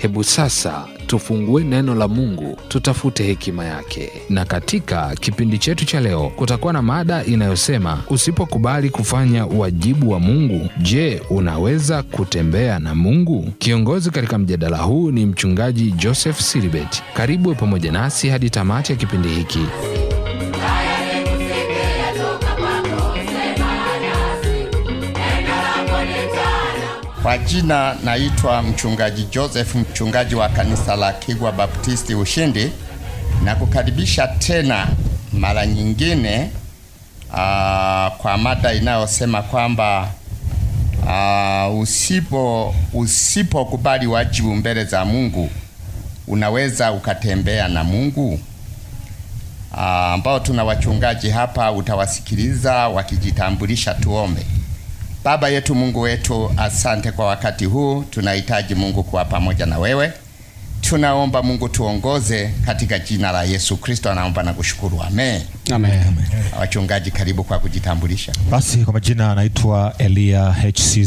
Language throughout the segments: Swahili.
Hebu sasa tufungue neno la Mungu, tutafute hekima yake. Na katika kipindi chetu cha leo kutakuwa na mada inayosema usipokubali kufanya wajibu wa Mungu, je, unaweza kutembea na Mungu? Kiongozi katika mjadala huu ni mchungaji Joseph siribet Karibu pamoja nasi hadi tamati ya kipindi hiki. Kwa jina naitwa mchungaji Joseph, mchungaji wa kanisa la Kigwa Baptisti Ushindi, na kukaribisha tena mara nyingine aa, ah, kwa mada inayosema kwamba ah, usipo usipokubali wajibu mbele za Mungu unaweza ukatembea na Mungu ah, ambao tuna wachungaji hapa, utawasikiliza wakijitambulisha. Tuombe. Baba yetu Mungu wetu, asante kwa wakati huu. Tunahitaji Mungu kuwa pamoja na wewe. Tunaomba Mungu tuongoze katika jina la Yesu Kristo. Anaomba na kushukuru, amen. Amen. Amen. Wachungaji, karibu kwa kujitambulisha. Basi kwa majina anaitwa Elia H.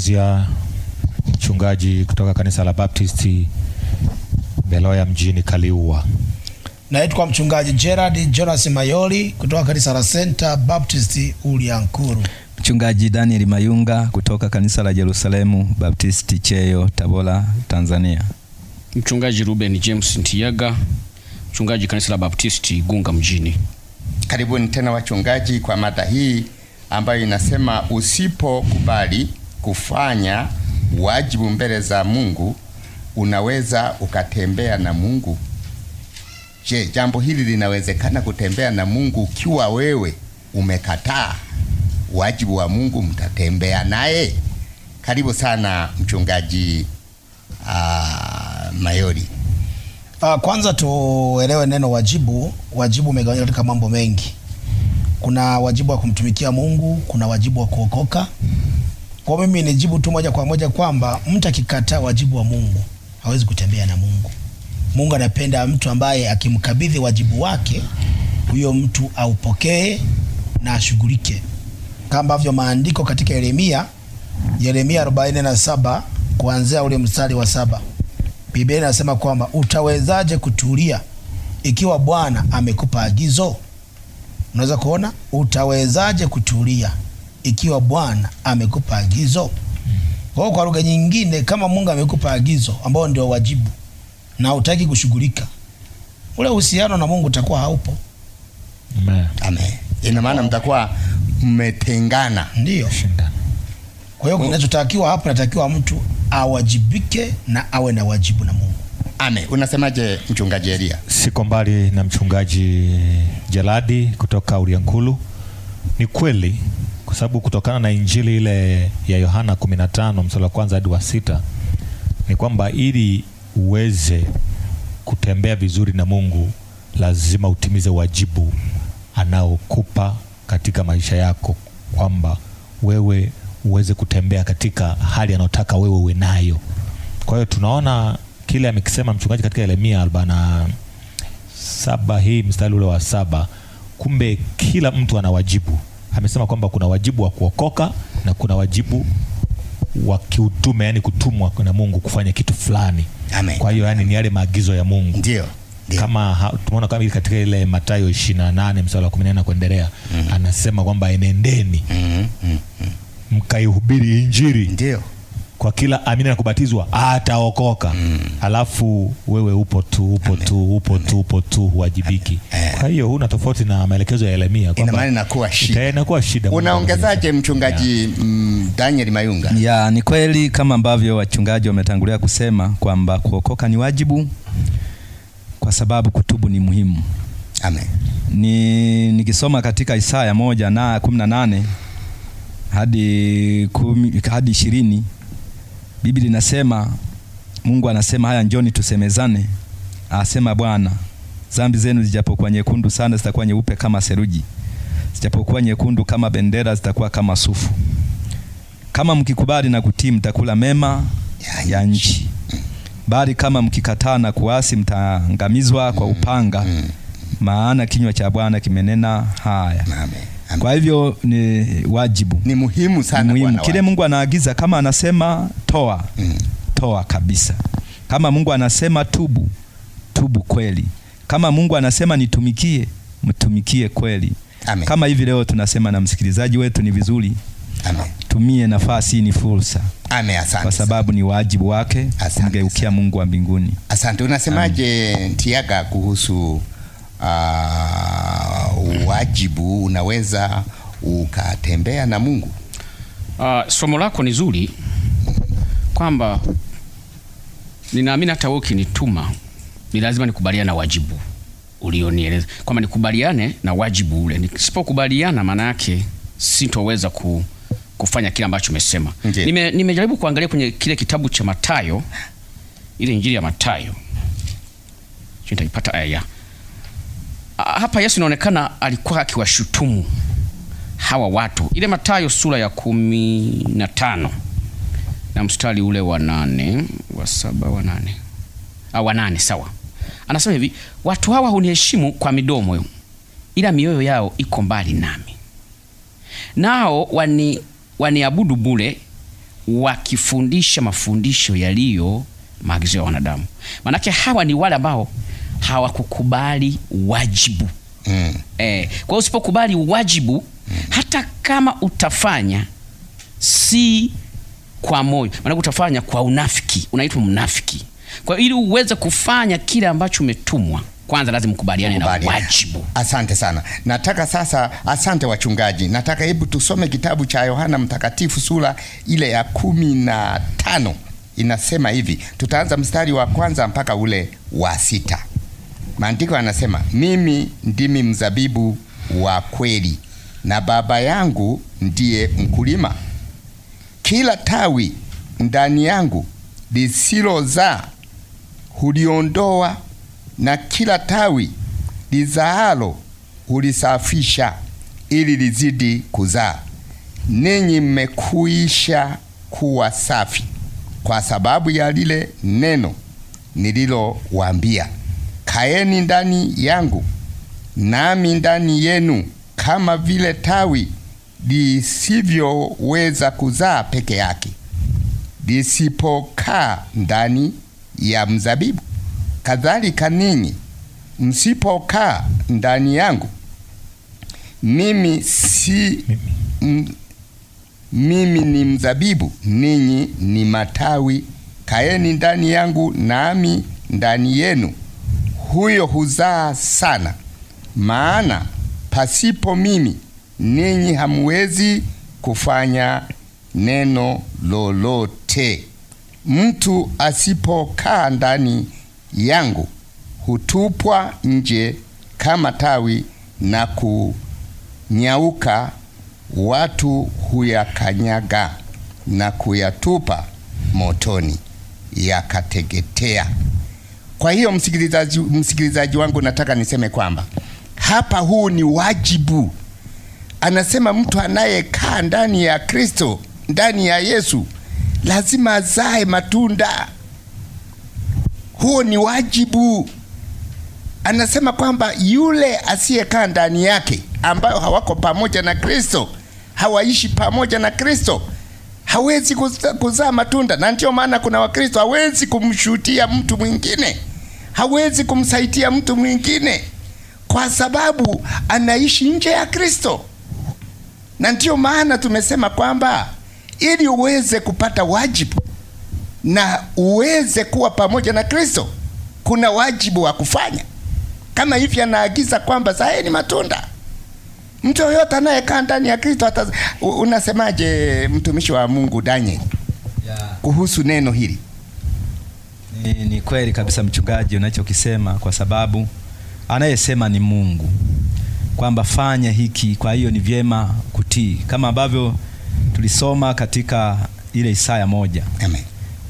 mchungaji kutoka kanisa la Baptisti Beloya mjini Kaliua. Naitwa mchungaji Gerard Jonas Mayoli kutoka kanisa la Center Baptist Uliankuru. Mchungaji Daniel Mayunga kutoka kanisa la Yerusalemu Baptisti Cheyo, Tabora, Tanzania. Mchungaji Ruben James Ntiyaga, mchungaji kanisa la Baptisti gunga mjini. Karibuni tena wachungaji kwa mada hii ambayo inasema usipokubali kufanya wajibu mbele za Mungu unaweza ukatembea na Mungu. Je, jambo hili linawezekana kutembea na Mungu ukiwa wewe umekataa wajibu wa Mungu mtatembea naye. Karibu sana mchungaji uh, Mayori. Uh, kwanza tuelewe neno wajibu. Wajibu umegawanyika katika mambo mengi. Kuna wajibu wa kumtumikia Mungu, kuna wajibu wa kuokoka. Kwa mimi ni jibu tu moja kwa moja kwamba mtu akikataa wajibu wa Mungu hawezi kutembea na Mungu. Mungu anapenda mtu ambaye akimkabidhi wajibu wake, huyo mtu aupokee na ashughulike kama ambavyo maandiko katika Yeremia Yeremia 47 kuanzia ule mstari wa saba Biblia inasema kwamba utawezaje kutulia ikiwa Bwana amekupa agizo? Unaweza kuona utawezaje kutulia ikiwa Bwana amekupa agizo. Kwa kwa lugha nyingine, kama Mungu amekupa agizo ambao ndio wajibu na utaki kushughulika, ule uhusiano na Mungu utakuwa haupo. Amen. Amen. Ina maana mtakuwa mmetengana. Ndio, kwa hiyo kinachotakiwa hapa, natakiwa mtu awajibike na awe na wajibu na Mungu. Ame, unasemaje mchungaji Elia? Siko mbali na mchungaji Jeladi kutoka Uliankulu. Ni kweli kwa sababu kutokana na injili ile ya Yohana 15 mstari wa kwanza hadi wa sita ni kwamba ili uweze kutembea vizuri na Mungu lazima utimize wajibu anaokupa katika maisha yako kwamba wewe uweze kutembea katika hali anayotaka wewe uwe nayo. Kwa hiyo tunaona kile amekisema mchungaji katika Yeremia arobaini na saba hii mstari ule wa saba. Kumbe kila mtu ana wajibu. Amesema kwamba kuna wajibu wa kuokoka na kuna wajibu wa kiutume, yani kutumwa na Mungu kufanya kitu fulani. Amen. Kwa hiyo yani ni yale maagizo ya Mungu. Ndiyo kama tumeona kama katika ile Mathayo 28 mstari wa 14 na kuendelea mm -hmm. anasema kwamba enendeni mm -hmm. mkaihubiri Injili ndio kwa kila amini na kubatizwa ataokoka. mm. Alafu wewe upo tu upo tu upo tu upo tu huwajibiki. Eh. Kwa hiyo huna tofauti na maelekezo ya Yeremia, kwa maana inakuwa shida, inakuwa shida. Unaongezaje mchungaji yeah. Mm, Daniel Mayunga? Yeah, ni kweli kama ambavyo wachungaji wametangulia kusema kwamba kuokoka ni wajibu kwa sababu kutubu ni muhimu. Amen. Ni nikisoma katika Isaya moja na kumi na nane hadi kumi, hadi ishirini Biblia inasema Mungu anasema haya, njoni tusemezane, asema Bwana, dhambi zenu zijapokuwa nyekundu sana zitakuwa nyeupe kama seruji, zijapokuwa nyekundu kama bendera zitakuwa kama sufu. Kama mkikubali na kutii, mtakula mema ya nchi bali kama mkikataa na kuasi mtaangamizwa kwa mm-hmm. upanga, mm-hmm. maana kinywa cha Bwana kimenena haya. Amen. Kwa hivyo ni wajibu, ni muhimu sana, ni muhimu. Kile Mungu anaagiza kama anasema toa, mm. toa kabisa. Kama Mungu anasema tubu, tubu kweli. Kama Mungu anasema nitumikie, mtumikie kweli. Amen. Kama hivi leo tunasema na msikilizaji wetu ni vizuri. Amen. Tumie nafasi, ni fursa. Ame, asante. Kwa sababu ni wajibu wake kumgeukia Mungu wa mbinguni. Asante. Unasemaje Tiaga kuhusu uh, ah, wajibu unaweza ukatembea na Mungu? Uh, somo lako ni zuri kwamba ninaamini hata wewe ukinituma ni lazima nikubaliane na wajibu ulionieleza, kwamba nikubaliane na wajibu ule. Nisipokubaliana maana yake sitoweza ku kufanya kile ambacho umesema. Nime, nimejaribu kuangalia kwenye kile kitabu cha Mathayo, ile injili ya Mathayo nitaipata aya ah, ah, hapa. Yesu inaonekana alikuwa akiwashutumu hawa watu, ile Mathayo sura ya kumi na tano na mstari ule wa nane wa saba wa nane au ah, wa nane sawa. Anasema hivi, watu hawa huniheshimu kwa midomo, ila mioyo yao iko mbali nami, nao wani waniabudu bule wakifundisha mafundisho yaliyo maagizo ya wanadamu. Maanake hawa ni wale ambao hawakukubali wajibu mm. E, kwa hiyo usipokubali wajibu mm. hata kama utafanya si kwa moyo, maanake utafanya kwa unafiki, unaitwa mnafiki. Kwa hiyo ili uweze kufanya kile ambacho umetumwa kwanza lazima mkubaliane na wajibu. Asante sana. Nataka sasa, asante wachungaji, nataka hebu tusome kitabu cha Yohana Mtakatifu sura ile ya kumi na tano inasema hivi. Tutaanza mstari wa kwanza mpaka ule wa sita. Maandiko yanasema mimi ndimi mzabibu wa kweli na Baba yangu ndiye mkulima. Kila tawi ndani yangu lisilozaa huliondoa na kila tawi lizaalo hulisafisha ili lizidi kuzaa. Ninyi mmekuisha kuwa safi kwa sababu ya lile neno nililowaambia. Kaeni ndani yangu nami ndani yenu, kama vile tawi lisivyoweza kuzaa peke yake lisipokaa ndani ya mzabibu kadhalika ninyi msipokaa ndani yangu mimi si mimi ni mzabibu, ninyi ni matawi. Kaeni ndani yangu, nami ndani yenu, huyo huzaa sana. Maana pasipo mimi ninyi hamwezi kufanya neno lolote. Mtu asipokaa ndani yangu hutupwa nje kama tawi na kunyauka, watu huyakanyaga na kuyatupa motoni yakateketea. Kwa hiyo msikilizaji, msikilizaji wangu, nataka niseme kwamba hapa huu ni wajibu. Anasema mtu anayekaa ndani ya Kristo, ndani ya Yesu, lazima azae matunda. Huo ni wajibu. Anasema kwamba yule asiyekaa ndani yake, ambayo hawako pamoja na Kristo, hawaishi pamoja na Kristo, hawezi kuzaa matunda. Na ndio maana kuna Wakristo hawezi kumshuhudia mtu mwingine, hawezi kumsaidia mtu mwingine, kwa sababu anaishi nje ya Kristo. Na ndio maana tumesema kwamba ili uweze kupata wajibu na uweze kuwa pamoja na Kristo, kuna wajibu wa kufanya kama hivi. Anaagiza kwamba zaeni matunda. Mtu yoyote anayekaa ndani ya Kristo hata unasemaje, mtumishi wa Mungu Daniel, kuhusu neno hili? Ni, ni kweli kabisa mchungaji, unachokisema kwa sababu anayesema ni Mungu kwamba fanya hiki. Kwa hiyo ni vyema kutii kama ambavyo tulisoma katika ile Isaya moja. Amen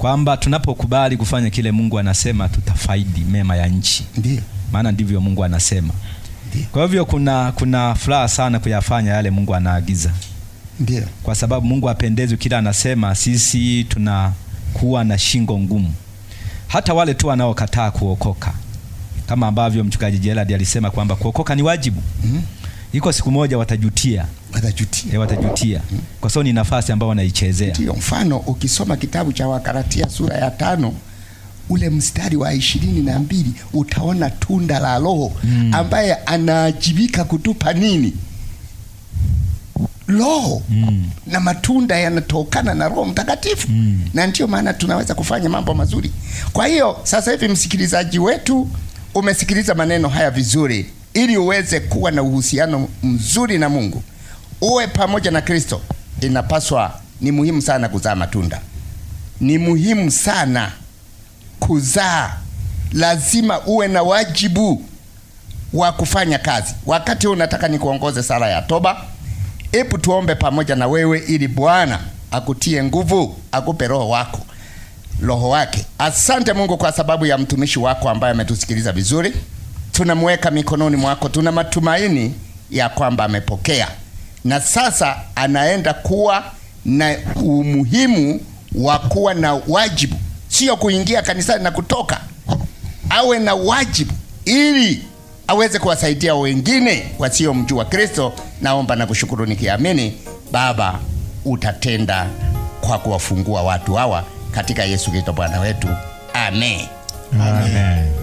kwamba tunapokubali kufanya kile Mungu anasema tutafaidi mema ya nchi. Ndiyo. Maana ndivyo Mungu anasema. Ndiyo. Kwa hivyo kuna, kuna furaha sana kuyafanya yale Mungu anaagiza. Ndiyo. Kwa sababu Mungu apendezwe kila anasema, sisi tunakuwa na shingo ngumu, hata wale tu wanaokataa kuokoka, kama ambavyo mchungaji Gerald alisema kwamba kuokoka ni wajibu. Mm -hmm. Iko siku moja watajutia watajutia, eh, watajutia. Kwa sababu ni nafasi ambayo wanaichezea. Ndio mfano ukisoma kitabu cha Wakaratia sura ya tano ule mstari wa ishirini na mbili utaona tunda la Roho mm. ambaye anaajibika kutupa nini Roho mm. na matunda yanatokana na Roho Mtakatifu mm. na ndio maana tunaweza kufanya mambo mazuri. Kwa hiyo sasa hivi, msikilizaji wetu, umesikiliza maneno haya vizuri, ili uweze kuwa na uhusiano mzuri na Mungu uwe pamoja na Kristo, inapaswa ni muhimu sana kuzaa matunda. Ni muhimu sana kuzaa, lazima uwe na wajibu wa kufanya kazi. Wakati huu nataka nikuongoze sala ya toba. Hebu tuombe pamoja na wewe, ili Bwana akutie nguvu, akupe roho wako roho wake. Asante Mungu kwa sababu ya mtumishi wako ambaye ametusikiliza vizuri. Tunamweka mikononi mwako, tuna matumaini ya kwamba amepokea na sasa anaenda kuwa na umuhimu wa kuwa na wajibu, sio kuingia kanisani na kutoka. Awe na wajibu ili aweze kuwasaidia wengine wasiomjua Kristo. Naomba na kushukuru nikiamini, Baba utatenda kwa kuwafungua watu hawa katika Yesu Kristo Bwana wetu, amen, amen. amen.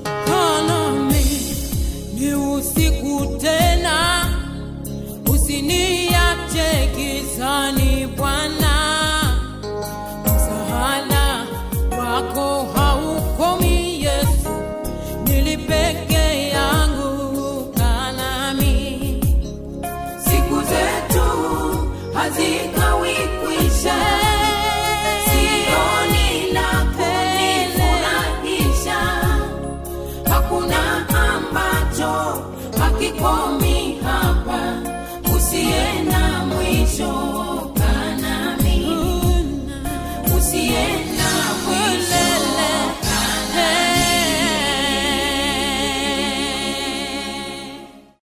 Brasil.